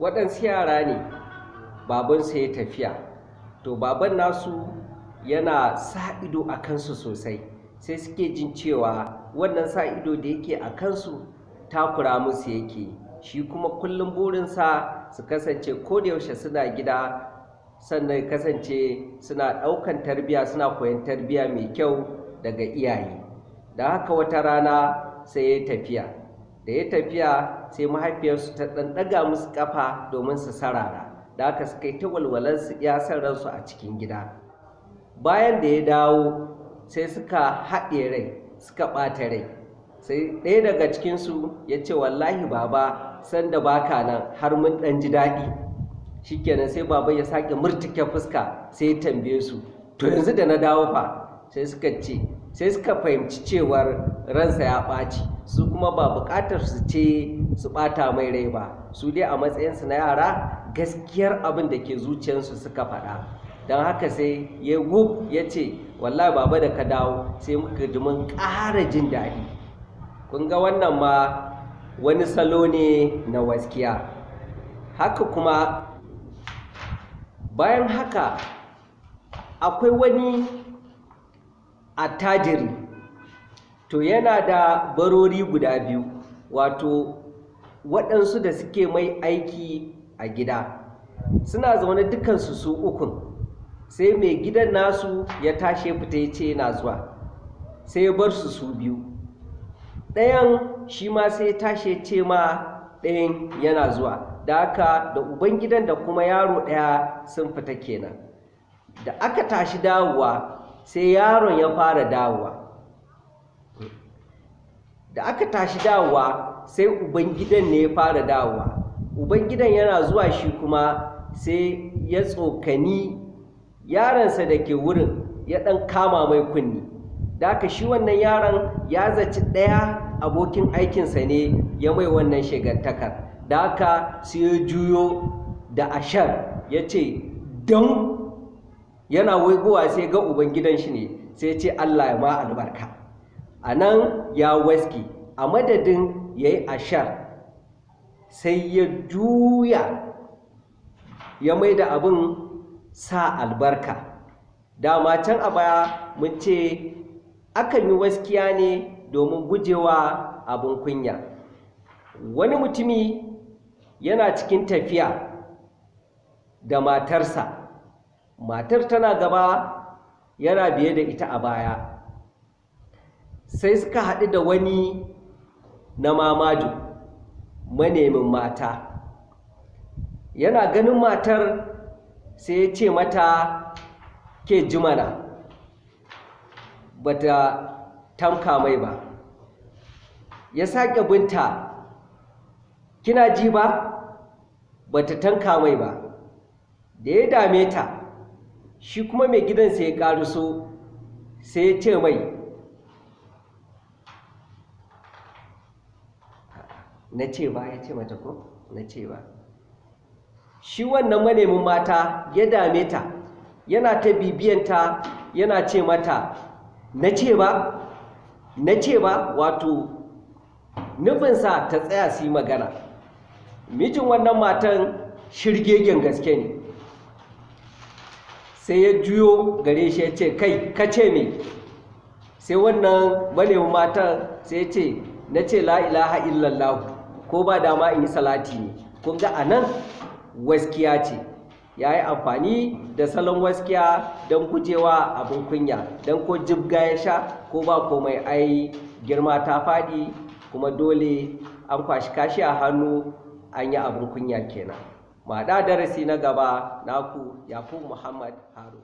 waɗansu yara ne babansu ya tafiya to baban nasu yana sa ido a kansu sosai sai suke jin cewa wannan sa ido da yake a kansu takura musu yake shi kuma kullum burinsa su kasance yaushe suna gida sannan kasance suna ɗaukan tarbiya suna koyan tarbiya mai kyau daga iyaye da haka wata rana sai ya tafiya da ya tafiya sai mahaifiyarsu ta ɗan ɗaga musu ƙafa domin su sarara da aka suka yi ta walwalarsu ya san ransu a cikin gida bayan da ya dawo sai suka haɗe rai suka ɓata rai sai ɗaya daga cikinsu ya ce wallahi baba sanda baka nan har mun ɗan ji daɗi shikenan sai baba ya sake murtuke fuska sai ya tambaye su to yanzu da na dawo fa sai suka ce sai suka fahimci cewar ransa ya ɓaci su kuma ba bukatar su ce su ɓata mai rai ba su dai a matsayinsu na yara gaskiyar abin da ke zuciyarsu suka faɗa don haka sai ya wuf ya ce wallahi baba da ka dawo sai muka ji mun ƙara jin daɗi kun ga wannan ma wani salo ne na waskiya haka kuma bayan haka akwai wani attajiri to yana da barori guda biyu wato waɗansu da suke mai aiki a gida suna zaune dukansu su ukun sai mai gidan nasu ya tashe fita ya ce yana zuwa sai ya bar su su biyu ɗayan shi ma sai ya tashe ce ma ɗayan yana zuwa da haka da uban gidan da kuma yaro ɗaya sun fita kenan da aka tashi dawowa sai yaron ya fara dawowa da aka tashi dawowa sai ubangidan ne ya fara dawowa ubangidan yana zuwa shi kuma sai ya tsokani yaransa da ke wurin ya ɗan kama mai kunni da aka shi wannan yaron ya zaci ɗaya abokin aikinsa ne ya mai wannan shigantakar da aka sai ya juyo da ashar ya ce don yana waigowa sai ga ubangidan shi ne sai ce allah ya ma albarka a nan ya waski a madadin ya yi ashar sai ya juya ya mai da abin sa albarka Da can a baya mun ce akan yi waskiya ne domin gujewa abin kunya wani mutumi yana cikin tafiya da matarsa matar tana gaba yana biye da ita a baya sai suka haɗu da wani na mamajo manemin mata yana ganin matar sai ya ce mata ke jimana bata tamka mai ba ya sake binta kina ji ba bata tanka mai ba da ya dame ta shi kuma mai gidansa ya ƙaruso sai ya ce mai na ce ba, ya ce mata ko na ce ba. shi wannan manemin mata ya dame ta yana ta bibiyanta yana ce mata na ce ba, na ba wato nufinsa ta tsaya su yi magana mijin wannan matan shirgegen gaske ne sai ya juyo gare shi ya ce kai ka ce me sai wannan manemin matan sai ya ce na ce la ilaha illallahu ko ba dama in yi salati ne kun ga anan waskiya ce ya yi amfani da salon waskiya don gujewa abin kunya don ko jibga ya sha ko ba komai ai girma ta faɗi kuma dole an kwashi kashi a hannu an yi abin kunya kenan ma da darasi na gaba naku yakubu muhammad haru